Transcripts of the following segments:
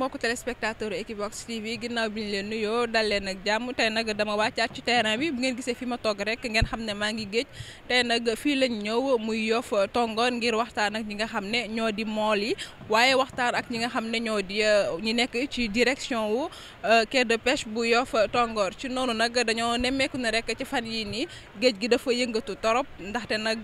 mbokku téléspectateur Equivox TV ginnaaw bi ñu leen nuyoo dal leen ak jàmm tey nag dama wàccaat ci terrain bi bu ngeen gisee fi ma togg rek ngeen xam ne maa ngi géej tey nag fii lañ ñëw muy Yoff Tongoor ngir waxtaan ak ñi nga xam ne ñoo di mool yi waaye waxtaan ak ñi nga xam ne ñoo di euh, ñi nekk ci direction wu euh, quai de pêche bu Yoff Tongoor ci noonu nag dañoo nemmeeku na rek ci fan yii nii géej gi dafa yëngatu torop ndaxte nag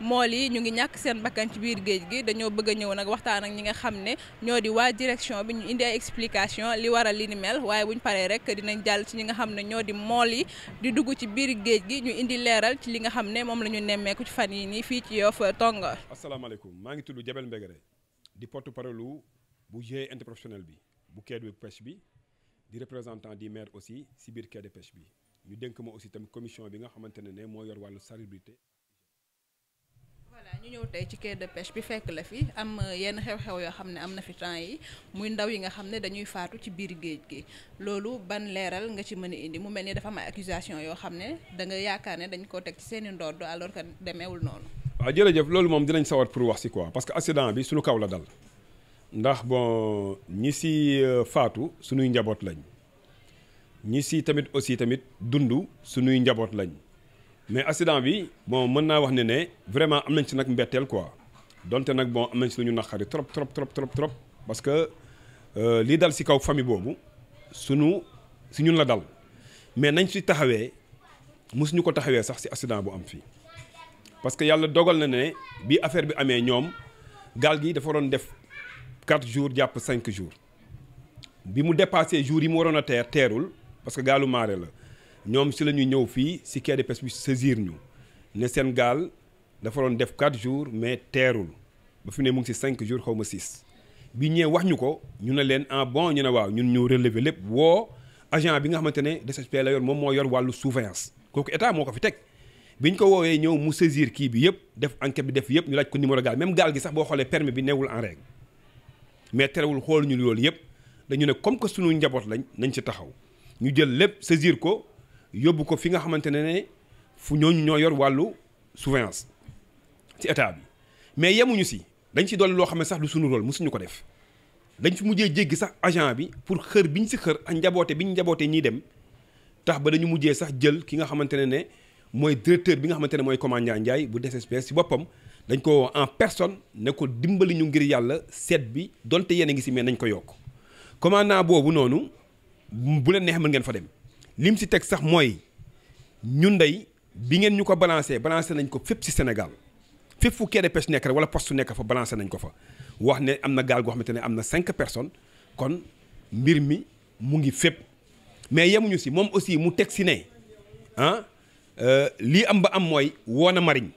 mool yi ñu ngi ñàkk seen bakkan ci biir géej gi dañoo bëgg ñëw nag waxtaan ak ñi nga xam ne ñoo di waa direction bi ñu indi ay explication li waral li ni mel waaye buñ paree rek dinañ jàll ci ñi nga xam ne ñoo di mool yi di dugg ci biir géej gi ñu indi leeral ci li nga xam ne moom la ñu nemmeeku ci fan yi nii fii ci Yoff Tongoor asalaamaaleykum maa ngi tudd Jabel Mbegere di porte parole bu GIE interprofessionnel bi bu quai de pêche bi di représentant di maire aussi si biir quai de ñu dénk ma aussi tamit commission bi nga xamante ne ne moo yor wàllu salubrité ñu ñëw tey ci quai de pêche bi fekk la fi am euh, yenn xew-xew yoo xam ne am na fi temps yi muy ndaw yi nga xam ne dañuy faatu ci biir géej gi loolu ban leeral nga ci mën indi mu mel ni dafa am ay accusation yoo xam ne da yaakaar ne dañ ko teg ci seen i ndodd alors que demeewul noonu waaw jërëjëf loolu moom dinañ sawar pour wax si quoi parce que accident bi suñu kaw la dal ndax bon ñi si euh, faatu suñuy njaboot lañ ñi si tamit aussi tamit dund suñuy njaboot lañ mais accident bi bon mën naa wax ne ne vraiment am nañ si nag mbetteel quoi donte nag bon am nañ si lu ñu naqari trop trop trop trop trop parce que euh, lii dal ci kaw famille boobu sunu su ñun la dal mais nañ ci taxawee mosuñu ko taxawee sax ci accident bu am fii parce que yàlla dogal na ne bi affaire bi amee ñoom gaal gi dafa waroon def quatre jours jàpp cinq jours bi mu dépassé jours yi mu waroon a teer teerul parce que gaalu marée la ñoom si la ñu ñëw fii si quai de pêche bi saisir ñu ne seen gaal dafa doon def 4 jours mais teerul ba fi ne mu si 5 jours xaw ma 6 bi ñëwee wax ñu ko ñu ne leen en ah bon ñu ne waaw ñun ñu relever lépp woo agent bi nga xamante ne DSHP la yor moom moo yor wàllu surveillance kooku état moo ko fi teg bi ñu ko woowee ñëw mu saisir kii bi yëpp def enquête bi def yëpp ñu laaj ko numéro gaal même gaal gi sax boo xoolee permis bi newul en règle mais terewul xool ñu loolu yëpp dañu ne comme que suñu njaboot lañ nañ ci taxaw ñu jël lépp saisir ko. yóbbu ko fi nga xamante ne ne fu ñooñu ñoo yor wàllu surveillance ci état bi mais yemuñu si dañ si dolli loo xam ne sax du suñu rôle mosuñu ko def dañ fi mujjee jéggi sax agent bi pour xër biñ si xër ak njaboote ñu njabootee ñiy dem tax ba dañu mujjee sax jël ki nga xamante ne ne mooy directeur bi nga xamante ne mooy commandant Ndiaye bu DSPS si boppam dañ ko en personne ne ko dimbali ñu ngir yàlla seet bi donte yéen a ngi si mais nañ ko yokk commandant boobu noonu bu leen neex mën ngeen fa dem lim si teg sax mooy ñun day bi ngeen ñu ko balancé balancé nañ ko fépp si Sénégal fépp fu kenn pêche nekk rek wala poste nekk fa balancé nañ ko fa wax ne am na gaal goo xamante ne am na cinq personnes kon mbir mi mu ngi fépp mais yemuñu si moom aussi mu teg si ne ah euh, lii am ba am mooy woon a marine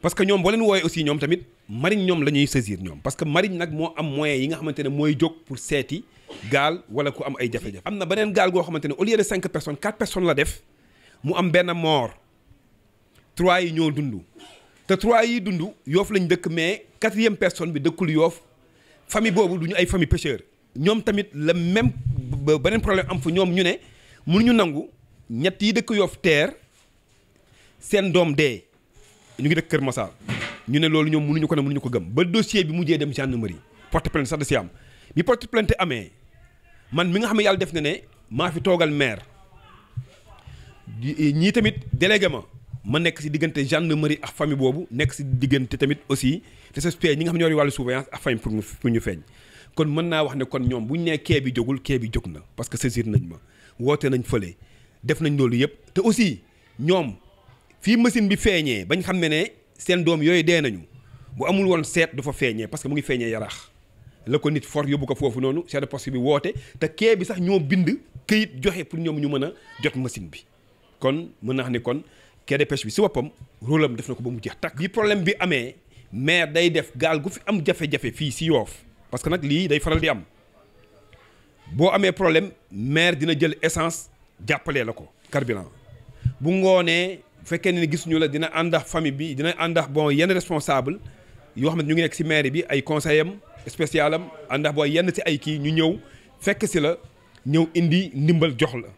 parce que ñoom boo leen wooyee aussi ñoom tamit marine ñoom lañuy ñuy saisir ñoom parce que marine nag moo am moyens yi nga xamante ne mooy jóg pour seeti gaal wala ku am ay jafe-jafe. am na beneen gaal goo xamante ne au lieu de cinq personnes quatre personnes la def mu am benn mort trois yi ñoo dund te trois yi dundu yoof lañ dëkk mais quatrième personne bi dëkkul yoof famille boobu du ñu ay famille pêcheur. ñoom tamit la même beneen problème am fu ñoom ñu ne ñu nangu ñett yi dëkk yoofu teer seen doom dee ñu ngi dëkk Kër Massar. ñu ne loolu ñoom mënuñu ko ne ñu ko gëm ba dossier bi mujjee dem gendarmerie porte plainte sax da si am bi porte plainte amee man mi nga xam ne yàlla def na ne maa fi toogal maire eh, ñii tamit délégué ma ma nekk si diggante gendarmerie ak famille boobu nekk si diggante tamit aussi DSSP ñi nga xam ne ñoo di wàllu surveillance pour ñu pour ñu feeñ kon mën naa wax ne kon ñoom bu ñu nee kee bi jógul kee bi jóg na parce que saisir nañ ma woote nañ fële def nañ loolu yëpp te aussi ñoom fii machine bi feeñee bañ xam ne ne. seen doom yooyu dee nañu bu amul woon seet du fa feeñee parce que mu ngi feeñee yaraax la ko nit for yóbbu ko foofu noonu chef de bi woote te kee bi sax ñoo bind këyit joxe pour ñoom ñu mën a jot machine bi kon mën naa ne kon quai de bi si boppam rôle am def na ko ba mu jeex takk. bi problème bi amee maire day def gaal gu fi am jafe-jafe fii si yoof parce que nag lii day faral di am boo amee problème maire dina jël essence jàppalee la ko carburant bu fekkee ne gis ñu la dina ànd ak famille bi dina ànd ak bon yenn responsable yoo xam ne ñu ngi nekk si mairie bi ay conseil am spécial am ànd ak boo yenn ci ay kii ñu ñëw fekk si la ñëw indi ndimbal jox la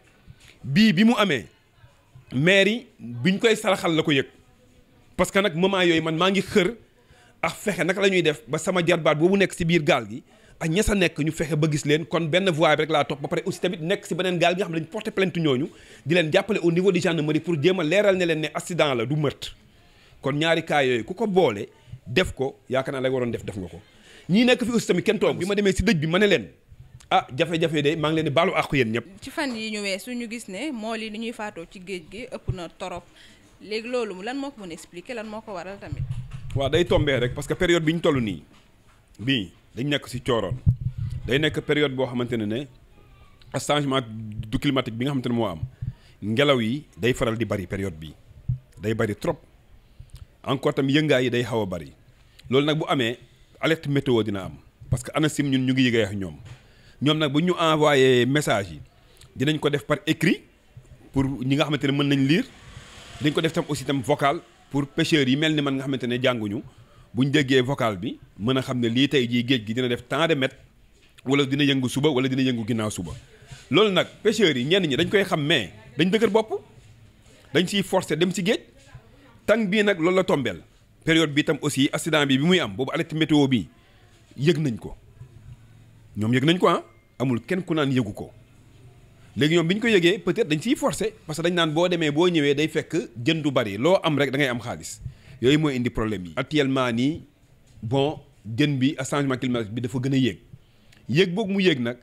bii bi mu amee mairie biñ koy saraxal la ko yëg parce que nag moment yooyu man maa ngi xër ak fexe naka la ñuy def ba sama jarbaat boobu nekk si biir gaal gi ak ña sa nekk ñu fexe ba gis leen kon benn voie bi rek laa topp ba pare aussi tamit nekk si beneen gaal bi nga xam ne dañ porté plainte ñooñu di leen jàppale au niveau du gendarmerie pour jéem a leeral ne leen ne accident la du meurtre kon ñaari cas yooyu ku ko boole def ko yaakaar naa la waroon def def nga ko ñii nekk fi aussi tamit kenn toog bi ma demee si dëj bi ma ne leen ah jafe-jafe de maa ngi leen di baalu àqu yéen ñëpp ci fan yi ñu weesu ñu gis ne mool yi li ñuy faatoo ci géej gi ëpp na torop léegi loolu lan moo ko mën expliquer lan moo ko waral tamit waaw day tombee rek parce que période bi ñu toll nii bii dañ nekk si cooroon day nekk période boo xamante ne ne changement du climatique bi nga xamante ne moo am ngelaw yi day faral di bari période bi day bari trop encore tam yëngaa yi day xaw a bari loolu nag bu amee alerte météo dina am parce que ANACIM ñun ñu ngi yëgee ak ñoom ñoom nag bu ñu envoyé message yi dinañ ko def par écrit pour ñi nga xamante ne mën nañ liir dañ ko def tam aussi tam vocal pour pêcheurs yi mel ni man nga xamante ne jànguñu bu ñu jegee vocal bi mën a xam ne lii tey jii géej gi dina def temps de mètres wala dina yëngu suba wala dina yëngu ginnaaw suba loolu nag pêcheurs yi ñenn ñi dañ koy xam mais dañ dëgër bopp dañ siy forcé dem si géej tàng bii nag loolu la tombeel période bi tam aussi accident bi bi muy am boobu alerte météo bi yëg nañ ko ñoom yëg nañ ko ah amul kenn ku naan yëgu ko léegi ñoom bi ñu ko yëgee peut-être dañ siy forcé parce que dañ naan boo demee boo ñëwee day fekk jën du bari loo am rek da ngay am xaalis yooyu mooy indi problème yi. actuellement nii bon jën bi a changement climatique bi dafa gën a yéeg yéeg boobu mu yéeg nag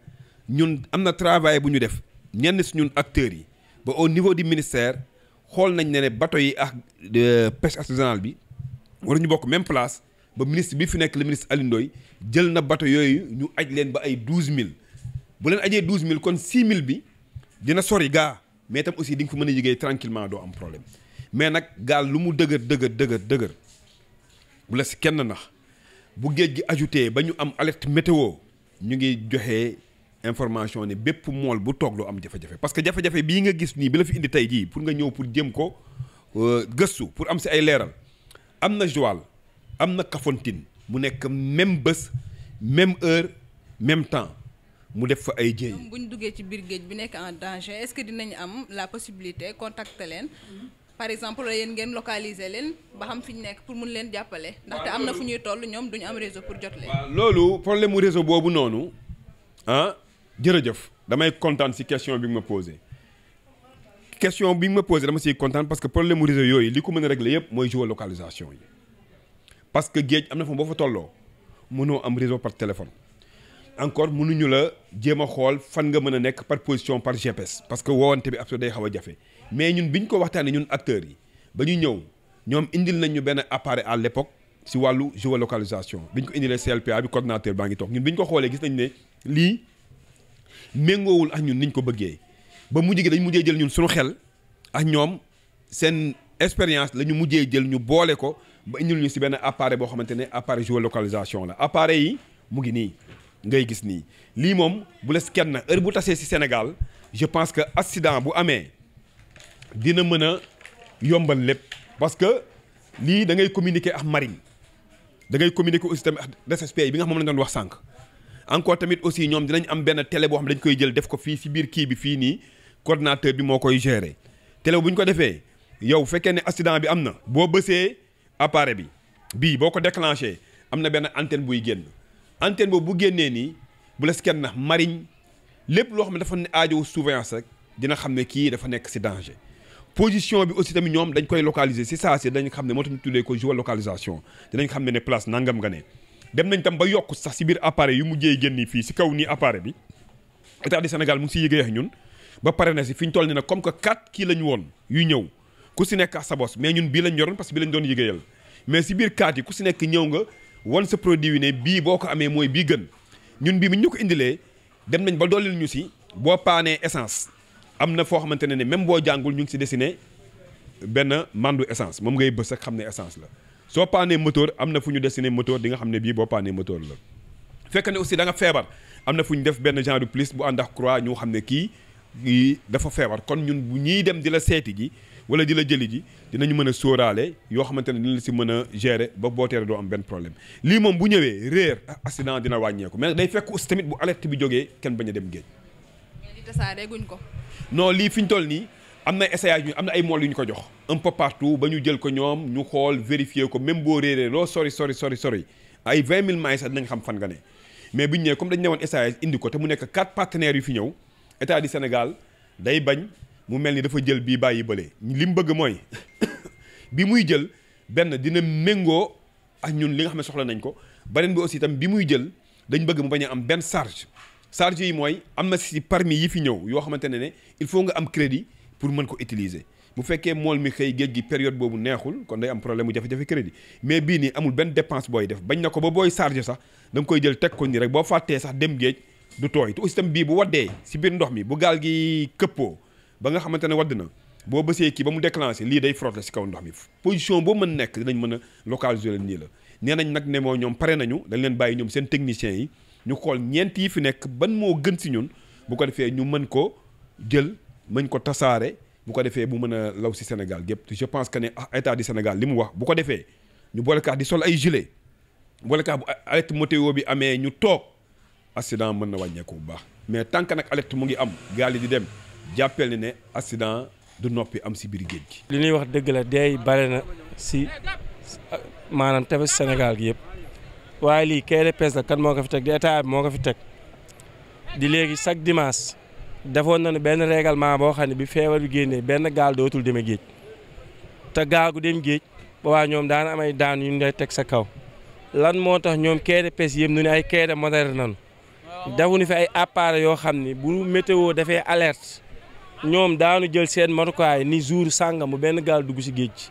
ñun am na travail bu ñu def ñenn si ñun acteurs yi ba au niveau du ministère xool nañ ne ne bato yi ak pêche artisanale bi war ñu bokk même place ba ministre bi fi nekk le ministre Alioune Ndoye jël na bato yooyu ñu aj leen ba ay douze mille bu leen ajee douze mille kon six mille bi dina sori gaa mais tam aussi di nga mën a liggéey tranquillement doo am mais nag gaal lu mu dëgër dëgër dëgër dëgër bu la si kenn nax bu géej gi ajouté ba ñu am alerte météo ñu ngi joxe information ne bépp mool bu toog doo am jafe-jafe parce que jafe-jafe bii nga gis nii bi la fi indi tey jii pour nga ñëw pour jéem ko euh, gëstu pour am si ay leeral am na Joal am na Kafountine mu nekk même bés même heure même temps mu def fa ay jéey. bu ñu duggee ci biir géej bi nekk en danger est-ce que dinañ am la possibilité contacter leen. Mm-hmm. par exemple yéen ngeen localiser leen ba xam fi ñu nekk pour mun leen jàppale. ndaxte am na fu ñuy toll ñoom duñu am réseau pour jot leen. waaw loolu problème mu réseau boobu noonu ah jërëjëf damay kontaan si question bi nga ma posé question bi ma posé dama siy kontaan parce que problème mu réseau yooyu li ko mën a régler yëpp mooy géolocalisation yi parce que géej am na fa boo fa tolloo mënoo am réseau par téléphone. encore mënuñu la jéem a xool fan nga mën a nekk par position par GPS parce que woowante bi ab day xaw a jafe. mais ñun biñ ko waxtaanee ñun acteur yi ba ñu ñëw ñoom indil nañ ñu benn appareil à l'époque si wàllu géolocalisation biñ ko indilee CLPA bi coordinateur baa ngi toog ñun biñ ko xoolee gis nañ ne lii méngoowul ak ñun niñ ko bëggee ba mujj gi dañ mujjee jël ñun suñu xel ak ñoom seen expérience la ñu mujjee jël ñu boole ko ba indil ñu si benn appareil boo xamante ne appareil géolocalisation la appareil yi mu ngi nii ngay gis nii lii moom bu les kenn heure bu tasee si Sénégal je pense que accident bu amee dina mën a yombal lépp parce que lii da ngay communiquer ak marine da ngay communiquer aussi tamit DSSP bi nga xam moom la doon wax sànq encore tamit aussi ñoom dinañ am benn télé boo xam ne dañ koy jël def ko fii si biir kii bi fii nii coordinateur bi moo koy gérer télé bu ñu ko defee yow fekkee ne accident bi am na boo bësee appareil bi bii boo ko déclenché am na benn antenne buy génn antenne boobu bu génnee nii bu la si kenn marine lépp loo xam ne dafa ne aajowu surveillance rek dina xam ne kii dafa nekk si danger position bi aussi tamit ñoom dañ koy localiser si saa si dañ xam ne moo tax ñu tuddee ko géolocalisation dinañ xam ne ne place nangam nga ne dem nañ tam ba yokk sax si biir appareil yu mujjee génn fii si kaw nii appareil bi état du Sénégal mu ngi siy yëgee ñun ba pare na si fi ñu toll ni nag comme que quatre kii lañ woon yu ñëw ku si nekk sa bos mais ñun bii lañ yoroon parce que bii lañ doon yëgéeyal mais si biir kaat yi ku si nekk ñëw nga wan sa produit yi bii boo ko amee mooy bii gën ñun bii bi ñu ko indilee dem nañ ba dooleel ñu si boo paanee essence am na foo xamante ne ni même boo jàngul ñu ngi si dessiné benn mandu essence moom ngay bës ak xam ne essence la soo paanee moteur am na fu ñu dessiné moteur di xam ne bii boo paanee moteur la fekk ne aussi da nga feebar am na fu ñu def benn genre de plus bu ànd ak croix ñu xam ne kii dafa feebar kon ñun bu ñuy dem di la seeti ji wala di la jëli ji dinañu mën a sóoraale yoo xamante ne dina la si mën a gérer ba boo teere doo am benn problème lii moom bu ñëwee réer accident dina wàññeeku mais day fekk aussi tamit bu alerte bi jógee kenn bañ a dem géej. ko. non lii fi ñu toll nii am na essayage ñu am ay mool yu ñu ko jox un partout ba ñu jël ko ñoom ñu xool vérifier ko même boo réeree loo sori sori sori sori ay vingt mille miles sax dinañ xam fan nga ne mais bu ñu nee comme dañu ne woon essayage indi ko te mu nekk quatre partenaires yu fi ñëw état du Sénégal day bañ mu mel ni dafa jël bii bàyyi bële li mu bëgg mooy bi muy jël benn dina méngoo ak ñun li nga xam ne soxla nañ ko beneen bi aussi itam bi muy jël dañ bëgg mu bañ a am benn charge charge yi mooy am na si parmi yi fi ñëw yoo xamante ne ne il faut nga am crédit pour mën ko utiliser bu fekkee mool mi xëy géej gi période boobu neexul kon day am problème mu jafe-jafe crédit mais bii nii amul benn dépense booy def bañ na ko ba booy chargé sax danga koy jël teg ko nii rek boo fàttee sax dem géej du tooy te aussi tam bii bu waddee si biir ndox mi bu gaal gi këppoo ba nga xamante ne wadd na boo bësee kii ba mu déclenché lii day frotté si ndox mi position boo mën nekk dinañ mën a localiser nii la nee nañ nag ne moo ñoom pare nañu dañ leen bàyyi ñoom seen techniciens ñu xool ñeent yi fi nekk ban moo gën si ñun bu ko defee ñu mën ko jël mën ko tasaare bu ko defee bu mën a law si Sénégal gépp je pense que ne ah état du Sénégal li mu wax bu ko defee ñu boolekaat di sol ay gilet boolekaat bu alerte météo bi amee ñu toog accident mën na wàññeeku bu baax mais tant que nag alerte mu ngi am gaal di dem jàppeel ni ne accident du noppi am si biir géej gi. li ñuy wax dëgg la deey bare na si maanaam tefes Sénégal yëpp. waaye lii KDPS nag kan moo ko fi teg di état bi moo ko fi teg di léegi chaque dimanche defoon na nu benn règlement boo xam ne bi feebar bi génnee benn gaal dootul demee géej te gaal gu dem géej boobaa ñoom daan amay daan yu ñu lay teg sa kaw lan moo tax ñoom KDPS yëpp nu ne ay KD moderne nañu defuñu fi ay appareil yoo xam ne bu météo defee alerte ñoom daanu jël seen matukaay ni jour sàngam mu benn gaal dugg si géej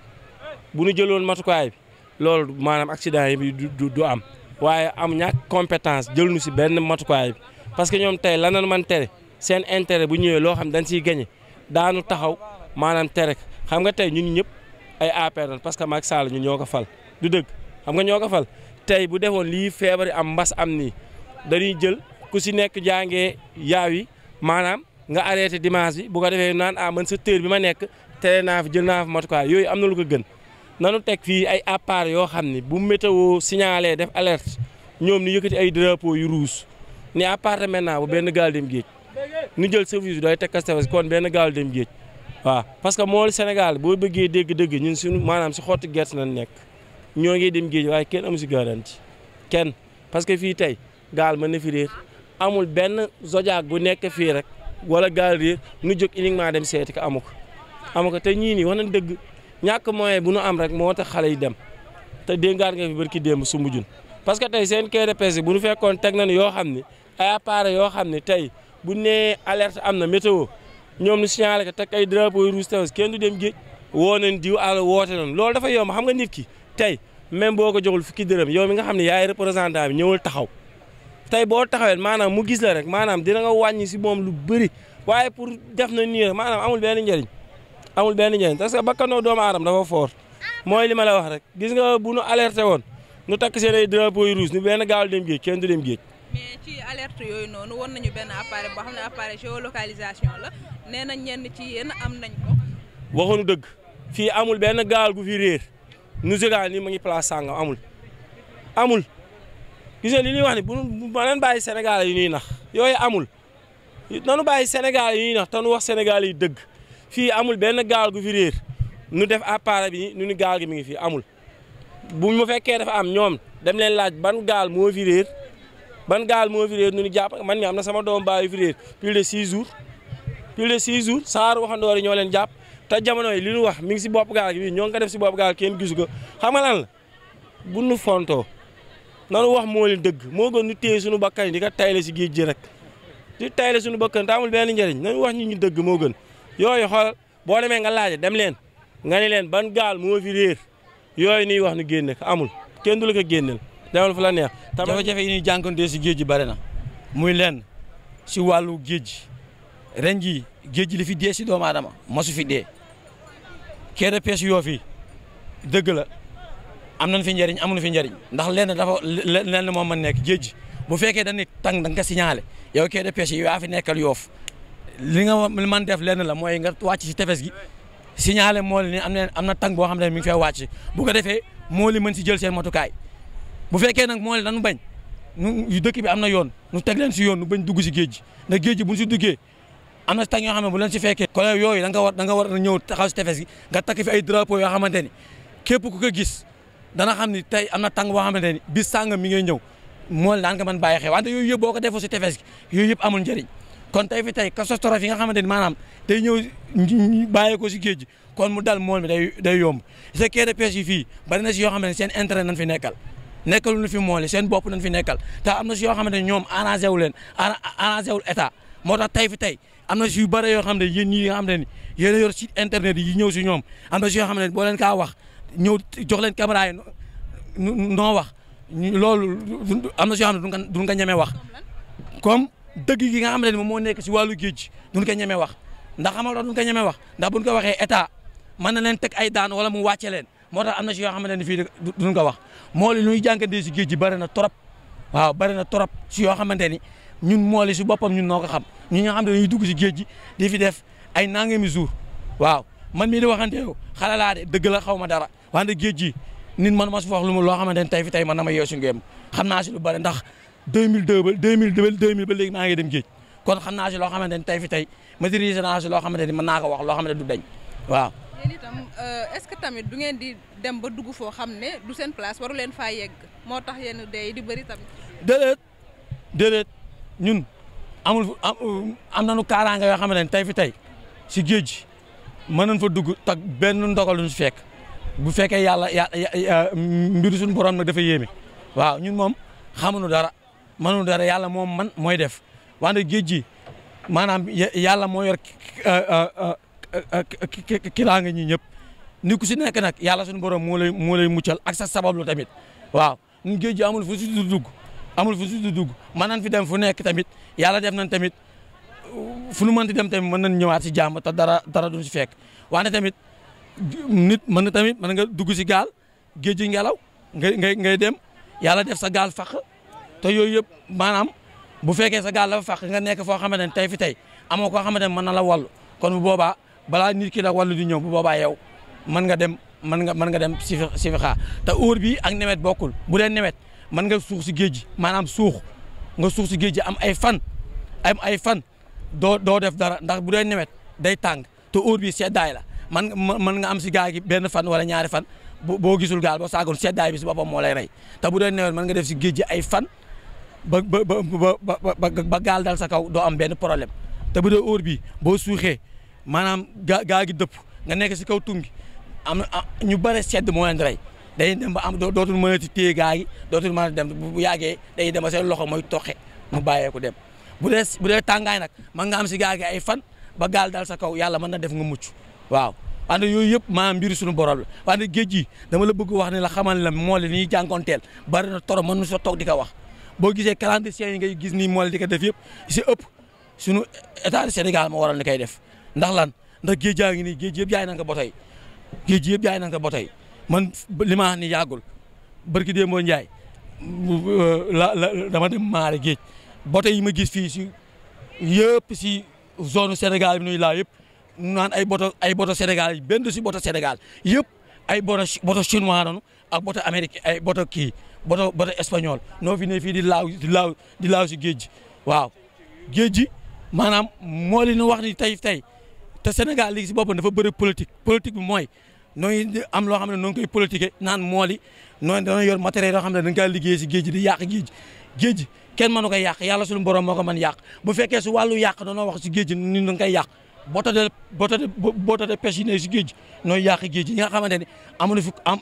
bu nu jëloon matukaay bi loolu maanaam accident yi du du am waaye am ñàkk compétence jël nu si benn matukaay bi parce que ñoom tey lanan man tere seen intérêt bu ñëwee loo xam dañ siy gañe daanu taxaw maanaam tere xam nga tey ñun ñëpp ay APR parce que Macky Sall ñun ñoo ko fal du dëgg xam nga ñoo ko fal tey bu defoon lii feebar am mbas am ni dañuy jël ku si nekk jàngee yaaw yi maanaam nga arrêté dimanche bi bu ko defee naan ah man sa tër bi ma nekk tere naa fi jël naa fi matukaay yooyu am na lu ko gën nanu tek fii ay appareil yoo xam ni bu météo signalé def alerte ñoom ni yëkkati ay drapeau yu rouge ni appartement naa bu benn gaal dem géej ñu jël service bi doy teg service kon benn gaal dem géej waaw parce que mool Sénégal boo bëggee dégg-dégg ñun suñu maanaam si xottu gerte nañ nekk ñoo ngi dem géej waaye kenn amu si garanti kenn parce que fii tey gaal mën na fi réer amul benn zodiac bu nekk fii rek wala gaal réer nu jóg uniquement dem seeti ko amu ko amu ko te ñii ñàkk moyen bu nu am rek moo tax xale yi dem te déngaat nga fi barki démb su mujjun parce que tey sen quai de pêche bu nu fekkoon teg nañu yoo xam ne ay appareil yoo xam ne tey bu nee alerte am na météo ñoom ñu signalé ko tek ay drapeau rouge tamit kenn du dem géej woo nañ diw al woote nañ loolu dafa ma xam nga nit ki tey même boo ko joxul fukki dërëm yow mi nga xam ne yaay représentant bi ñëwul taxaw tey boo taxawee maanaam mu gis la rek maanaam dina nga wàññi si moom lu bëri waaye pour def na nii rek maanaam amul benn njëriñ amul benn ñeen parce que bakkanoo doomu aadama dafa foor mooy li ma la wax rek gis nga bu nu alerté woon nu takk seen ay drapeaux yu rouge benn gaawal dem géej kenn du dem géej. mais yooyu noonu won nañu benn appareil boo xam ne appareil la nee na ñenn ci yéen am nañ ko. dëgg fii amul benn gaal gu fi réer nu nii ma ngi place sàngam amul amul gis nga ñuy wax ni bu ma leen bàyyi Sénégal yi ñuy nax yooyu amul nanu bàyyi Sénégal yi ñuy nax tanu wax Sénégal yi dëgg. fii amul benn gaal gu fi réer nu def appareil bi nu ni gaal gi mi ngi fii amul bu mu fekkee dafa am ñoom dem leen laaj ban gaal moo fi ban gaal moo fi réer nu ni jàpp man mi am na sama doom baayu fi réer plus de six jours plus de six jours saar waxandoor yi ñoo leen jàpp te jamono yi li ñu wax mi ngi si bopp gaal gi bii ñoo ngi ko def si bopp gaal kenn gisu ko xam nga lan bu nu fonto nanu wax moo leen dëgg moo gën ñu téye suñu bakkan di ko tayle si gii ji rek di tayle sunu bakkan te amul benn njëriñ nanu wax ñu dëgg moo gën yooyu xool boo demee nga laaj dem leen nga ni leen ban gaal moo fi réer yooyu nuy wax nu génne ko amul kenn du la ko génneel demal fu la neex. jafe-jafe yi ñuy jànkuwante si géej gi bare na muy leen si wàllu géej gi ren jii li fi dee si doomu aadama masu fi dee quai de pêche yoo fi dëgg la am nañ fi njëriñ amuñu fi njariñ ndax lenn dafa lenn moom mën nekk géej bu fekkee dañ ne tàng da nga ko signalé yow quai de pêche yi fi nekkal yoof li nga man def lenn la mooy nga wàcc si tefes gi signalé mool ni am na am na tàng boo xam ne mi ngi fay wàcc bu ko defee mool yi mën si jël seen matukaay bu fekkee nag mool yi dañu bañ dëkk bi am na yoon ñu teg leen si yoon bañ dugg si géej gi ndax géej bu ñu si duggee am na tàng yoo xam ne bu leen si fekkee collègue yooyu da nga war war a ñëw taxaw si tefes gi nga takk fi ay drapeau yoo xamante ni képp ku ko gis dana xam ni tey am na tàng boo xamante ni bis sàngam mi ngay ñëw mool daan nga mën bàyyi xel wante yooyu yëpp boo ko defoo si tefes gi yooyu yëpp amul njëriñ kon tey fi tey catastrophe yi nga xamante ni maanaam day ñëw bàyyee ko si géej gi kon mu dal mool mi day day yomb sa quai de yi fii bari na si yoo xamante ne seen intérêt nañ fi nekkal nekkaluñu fi mool seen bopp nañ fi nekkal te am na si yoo xamante ne ñoom arrangé wu leen arrangé wul état moo tax tey fi tey am na si yu bëre yoo xam ne yéen ñi nga ne ni yéen yor site internet yi ñëw si ñoom am na si yoo xam ne boo leen kaa wax ñëw jox leen caméra yi noo wax loolu am na si yoo xam ne duñ wax comme dëgg gi nga xamante ne moom moo nekk si wàllu géej duñ ko ñeme wax ndax xamal duñ ko ñemee wax ndax buñ ko waxee état mën na leen teg ay daan wala mu wàcce leen moo tax am na si yoo xamante ne fii duñ ko wax moo li ñuy jànkandee si géej ji bëri na trop waaw bëri na trop si yoo xamante ni ñun moo si boppam ñun noo ko xam ñun nga xam ne dañuy dugg si géej ji di fi def ay nangami jour waaw man mii di waxante yow xale laa de dëgg la xaw ma dara wante géej ji nit man ma si wax lu ma loo xamante ne tey fi tey man na ma yeesu ngéem xam naa si lu bëri ndax 2002 ba 2002 2000 ba léegi maa ngi dem géej kon xam naa si loo xamante ni tey fi tey maîtrise naa si loo xamante ni mën naa ko wax loo xamante du dañ waaw. léegi euh, est-ce que tamit du ngeen di dem ba dugg foo xam ne du seen place waru leen faa yegg moo tax yenn dee di bëri tamit. déedéet déedéet ñun amul am nañu kaaraange yoo xam ne tey fi tey si géej gi mën nañ fa dugg tak benn ndogal lu ñu fekk bu fekkee yàlla yàlla mbiru suñu borom nag dafa yéeme waaw ñun moom mënu dara yàlla moom man mooy def wante géej gi maanaam yàlla moo yor kiraa euh, euh, euh, nga ñi ñëpp ni ku si nekk nag yàlla suñu borom moo lay moo lay muccal ak sa sabablu tamit waaw ñun géej gi amul fu si du dugg amul fu si du dugg mën nañ fi dem fu nekk tamit yàlla def nañ tamit fu nu mënti dem tamit mën nañ ñëwaat si jàmm te dara dara duñ si fekk wante tamit nit mën na tamit mën nga dugg si gaal géej gi ngelaw ngay ngay ngay dem yàlla def sa gaal faq te yooyu yëpp maanaam bu fekkee sa gaal dafa fàq nga nekk foo xamante ne tey fi tey amoo koo xamante ne mën na la wallu kon bu boobaa balaa nit ki la wallu di ñëw bu boobaa yow mën nga dem mën nga mën nga dem si fi xaa te oor bi ak nawet bokkul bu dee nawet mën nga suux si géej gi maanaam suux nga suux si géej gi am ay fan am ay fan doo doo def dara ndax bu dee nawet day tàng te óor bi seddaay la man mën nga am si gaal gi benn fan wala ñaari fan boo gisul gaal boo saagoon bi si boppam moo lay rey te bu dee nawet mën nga def si géej gi ay fan ba ba ba ba ba gaal dal sa kaw doo am benn problème te bu dee óor bi boo suuxee maanaam gaa gaa gi dëpp nga nekk si kaw tum gi am ah, ñu bare sedd moo leen rey day dem ba am dootul ti téye gaa yi dootul mën a dem bu yàggee day dem ba seen loxo mooy toxe mu bàyyeeku dem bu dee bu dee tàngaay nag man nga am si gaa ay fan ba gaal dal sa kaw yàlla mën na def nga mucc waaw. wante yooy yëpp maanaam mbiru suñu borol la wante géej gi dama la bëgg wax ne la xamal la moo leen ñuy jànkoonteel bari na toro mën nu sa toog di ko wax. boo gisee clandestin yi ngay gis nii moo leen ko def yëpp si ëpp suñu état du Sénégal moo waral ni koy def ndax lan ndax géej yaa ngi nii géej yëpp yaay nañ ko ba tey yëpp jaay nañ ko ba man li ma ni yàggul barki Demba Ndiaye la la dama dem maare géej bote yi ma gis fii si yëpp si zone Sénégal bi nuy laa yëpp mu naan ay boto ay boto Sénégal benn si boto Sénégal yëpp ay boto boto chinois noonu ak boto Amérique ay boto kii boto bato espagnol noo fi ne fii di laaw di laaw di laaw si géej gi waaw géej gi maanaam moo leen wax ni tey tey te Sénégal léegi si boppam dafa bëri politique politique bi mooy nooy am loo xam ne noonu koy politiquer naan mool yi noonu dañoo yor matériel yoo xam ne dañ koy liggéey si géej di yàq géej géej kenn mënu ko yàq yàlla suñu borom moo ko man yàq bu fekkee si wàllu yàq dañoo wax si géej gi ni dañ koy yàq bateau de bateau de bateau de pêche yi ne si géej gi ñooy yàq géej gi ñi nga xamante ne amuñu fi am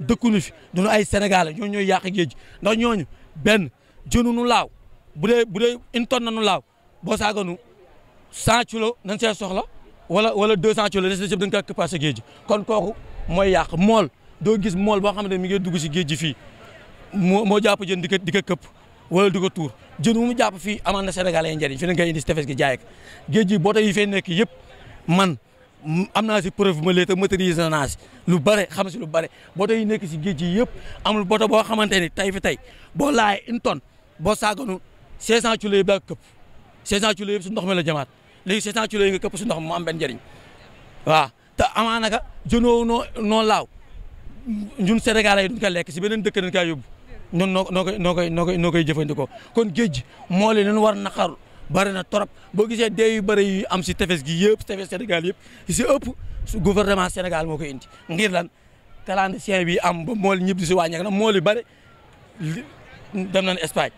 dëkkuñu fi duñu ay sénégalais ñoo ñooy yàq géej gi ndax ñooñu benn jënu nu laaw bu dee bu dee une tonne na nu laaw boo saaganu cent kilos nañ see soxla wala wala deux cent kilos des na dañ ko capacité géej gi kon kooku mooy yàq mool doo gis mool boo xam ne mi ngi dugg si géej gi fii moo moo jàpp jën di ko di ko këpp wala di ko tuur jën wu mu jàpp fii amaan na sénégalais yi njëriñ fi nañ koy indi si tefes gi jaay ak géej gi boote yi fay nekk yëpp man am naa si preuve ma léegi te maîtrise naa lu bare xam si lu bare booto yi nekk si géej gi yëpp amul booto boo xamante ni tey fi tey boo laajee une tonne boo saaganu 500 kilos yëpp daa këpp 500 kilos yëpp ndox mi la jamaat léegi 500 kilos yi nga këpp su ndox mi mu am benn njëriñ waaw te amaana ka jënoo noo noo laaw ñun sénégalais yi duñ ko lekk si beneen dëkk dañ koy yóbbu ñun noo noo koy noo koy noo koy noo koy jëfandikoo kon géej moo leen leen war naqaru bari na trop boo gisee dee yu bëri am si tefes gi yëpp tefes Sénégal yëpp si ëpp gouvernement Sénégal moo koy indi ngir lan calendrier bi am ba mool ñëpp di si wàññeeku nag mool yu bëri dem nañ Espagne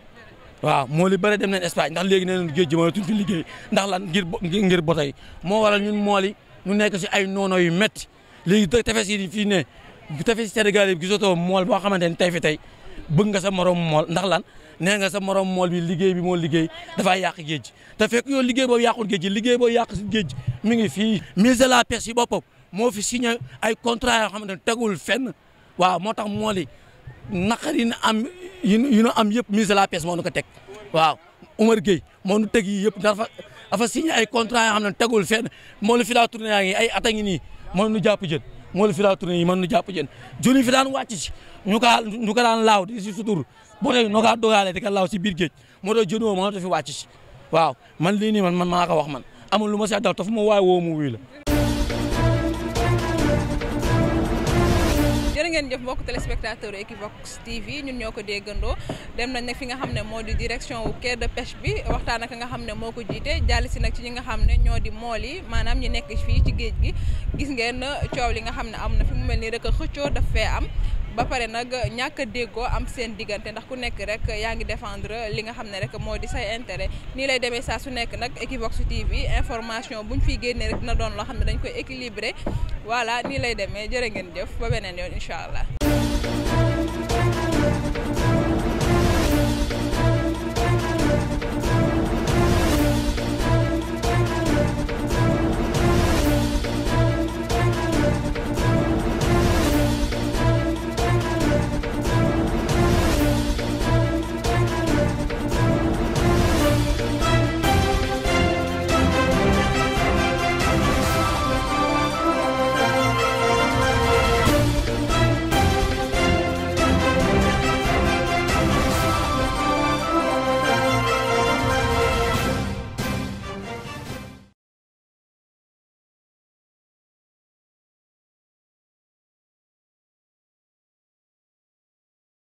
waaw mool yu bëri dem nañ Espagne ndax léegi nee nañ géej gi mënatuñ fi liggéey ndax lan ngir ngir bota yi moo waral ñun mool yi ñu nekk si ay noono yu métti léegi tefes yi fii ne tefes Sénégal yëpp gisatoo mool boo xamante ne tey fi tey. bëgg nga sa morom mool ndax lan nee nga sa morom mool bi liggéey bi moo liggéey dafa yàq géej gi te fekk liggéey boobu yàqul géej gi liggéey boobu yàq si géej mi ngi fii ministre la pêche yi boppam moo fi signé ay contrat yoo xam ne tegul fenn waaw moo tax mool yi yi ñu am yi ñu am yëpp ministre la pêche moo nu ko teg waaw Umar moo nu teg yi yëpp dafa dafa signé ay contrat yoo xam ne tegul fenn moo lu fi daa tourné yaa ngi ay at ngi nii moo nu jàpp jën moo fi daa tourné yi mën nu jàpp jën joni fi daan wàcc si ñu kaa daan laaw di si sutur bo tey noo kaa dogaale laaw si biir géej moo tax jën woo mënatu fi wàcc si waaw man lii nii man man maa ko wax man amul lu ma see dal taf ma waay woo mu wuy la jërë ngeen jëf mbokk téléspectateur Equivox TV ñun ñoo ko déggandoo dem nañ nag fi nga xam ne moo di direction wu quai de pêche bi waxtaan ak nga xam ne moo ko jiite jàll si nag ci ñi nga xam ne ñoo di mool yi maanaam ñu nekk fii ci géej gi gis ngeen coow li nga xam ne am na fi mu mel nii rek a xëccoo daf fee am ba pare nag ñàkk a déggoo am seen diggante ndax ku nekk rek yaa ngi defendre li nga xam ne rek moo di say intérêt nii lay demee saa su nekk nag Equivox TV information bu ñu fiy génnee rek dina doon loo xam ne dañ koy équilibré voilà nii lay demee jërë ngeen jëf ba beneen yoon incha allah.